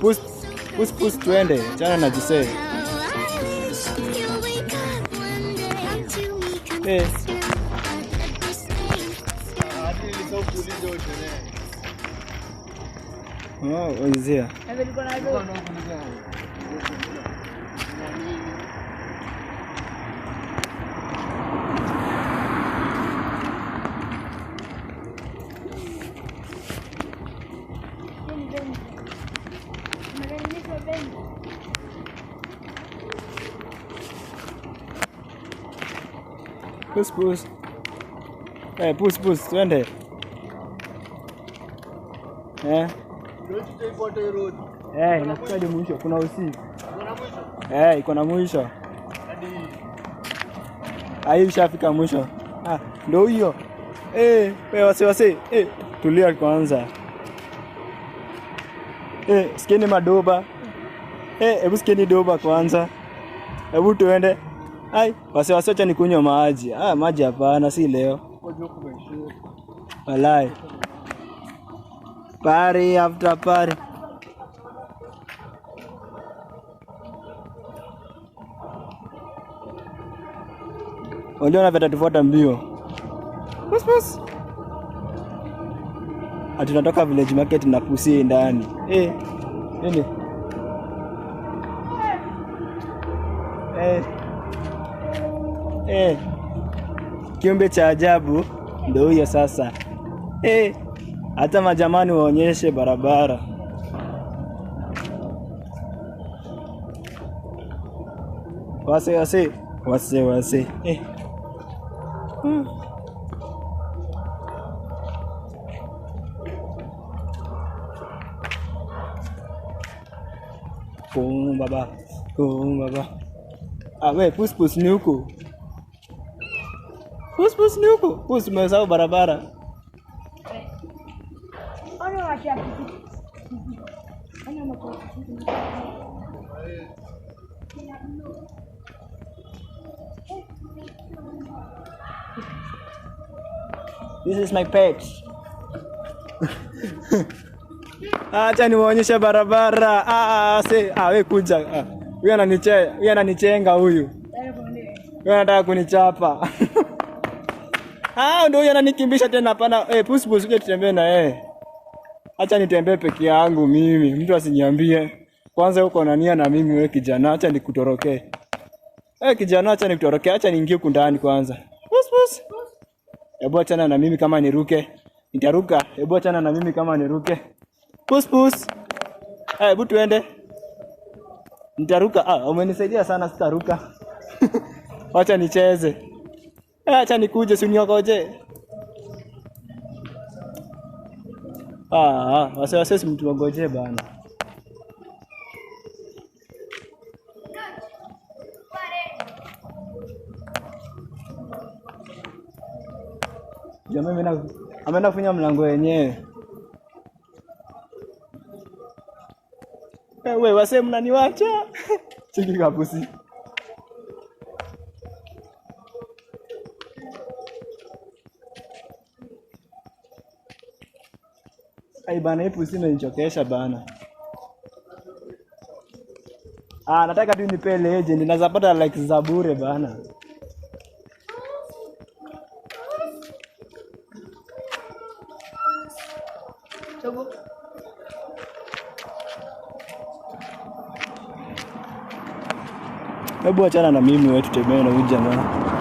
Pus, twende chana na jise. Eh. Oh, is here. Pus pus. Eh, pus pus, twende. Eh. Eh, inafika hadi mwisho, kuna usi. Eh, iko na mwisho. Hadi ishafika mwisho. Ah, ndio hiyo. Eh, eh wewe wasi wasi. Eh, tulia kwanza. Eh, sikeni madoba. Eh, hebu sikeni doba kwanza. Hebu tuende. Ai, wasi wasi, acha nikunywa maji. Ah, maji hapana, si leo. Walai. Pari after party. Waliona vitatufuata mbio. Pus, pus ati village market na kusi ndani eh, nini eh, eh. Kiumbe cha ajabu ndio huyo sasa eh, hata majamani waonyeshe barabara. Wase wase wase wase eh. hmm. Kuhum baba, kuhum baba. Awe, ah, pus pus niuku. Pus pus niuku. Pus umesahau barabara. This is my pet. acha niwaonyeshe barabara. Ah, ah, ah se awe ah, kuja ah, huyu, ananiche huyu, ananichenga huyu, huyu anataka kunichapa ah, ndio huyu ananikimbisha tena. Hapana eh, push push, kuja tutembee na yeye. Acha nitembee peke yangu mimi, mtu asiniambie kwanza uko na nia na mimi. Wewe kijana, acha nikutoroke. Eh, kijana, acha nikutoroke, acha niingie huku ndani kwanza. Push push, hebu achana na mimi kama niruke, nitaruka. Hebu achana na mimi kama niruke. Pus pus. Haya, butu ende. Nitaruka. Ah, umenisaidia sana sitaruka. Wacha nicheze. Eh, acha nikuje si uniokoje. Ah, ah, wase wase wangoje bana. Jamaa mimi na amenafunya mlango wenyewe. we wase mnaniwacha chiki kapusi ai bana hii pusi imenichokesha bana ah nataka tu nipe legend naweza pata likes za bure bana Hebu achana na mimi wewe, tutembee na huyu jamaa.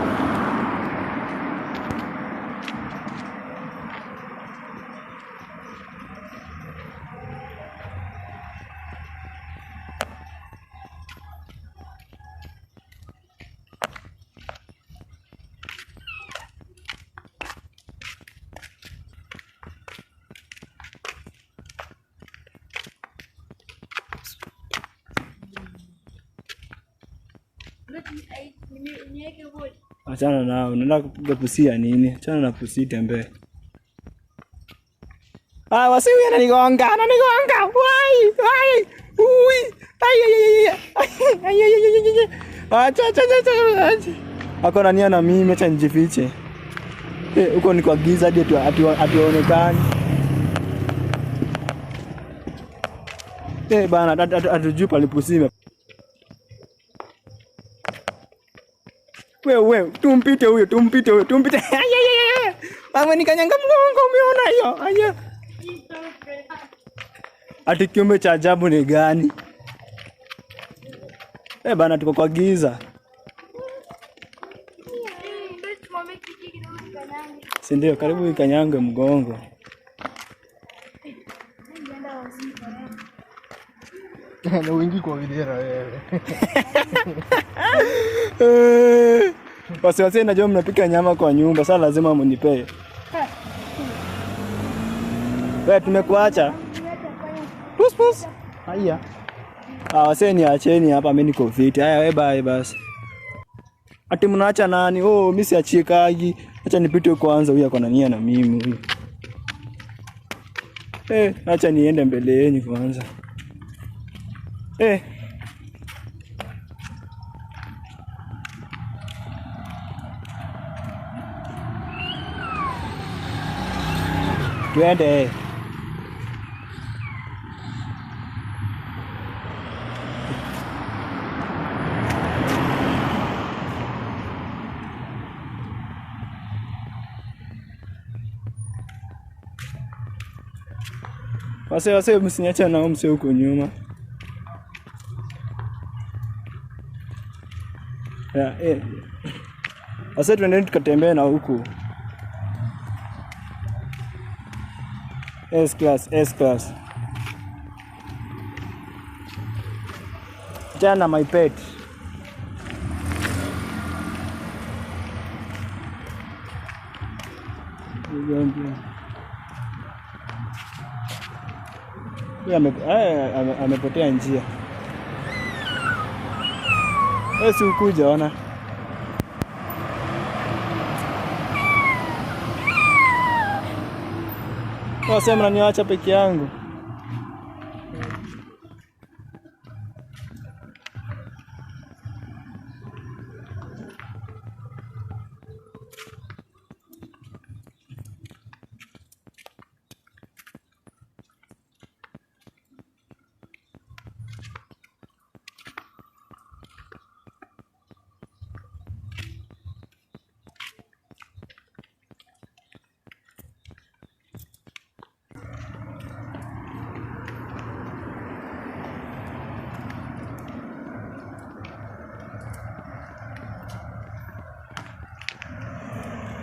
Achana nao, unaenda kupiga pusi ya nini? Achana na pusi, tembee. Ah, wasi huyu ananigonga, ananigonga. Wai, wai. Ui. Ai, ai, ai, ai, ai, ai, ai, ai, Acha acha acha. Ako na nia na mimi, acha nijifiche. Eh, huko ni kwa giza hadi hatuonekani. Eh, bana, hatujui palipusime. wewe tumpite huyo, tumpite huyo, tumpite. Mama nikanyanga mgongo, umeona hiyo? Aya. Ati kiumbe cha ajabu ni gani? Eh, bana tuko kwa giza. Si ndio? Karibu ikanyange mgongo. Kijana wengi kwa videra wewe. Wasi najua mnapika nyama kwa nyumba, sasa lazima mnipee. Wewe tumekuacha. Pus pus. Haya. Ah, wasi ni acheni hapa mimi niko fiti. Haya wewe bye basi. Ati mnaacha nani? Oh, mimi siachikagi. Acha nipite kwanza, huyu akona nia na mimi huyu. Eh, acha niende mbele yenu kwanza. Eh. Twende. Wase wase msiniache na msio huko nyuma. Yeah, eh. Sasa tuendeni tukatembea na huku S class, S class. Jana my pet. Eh, amepotea njia. Basi ukuja ona. Wasema mnaniacha peke yangu.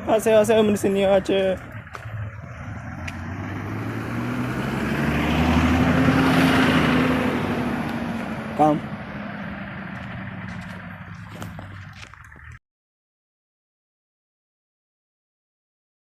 하세요 하세요 문신이요 아주 감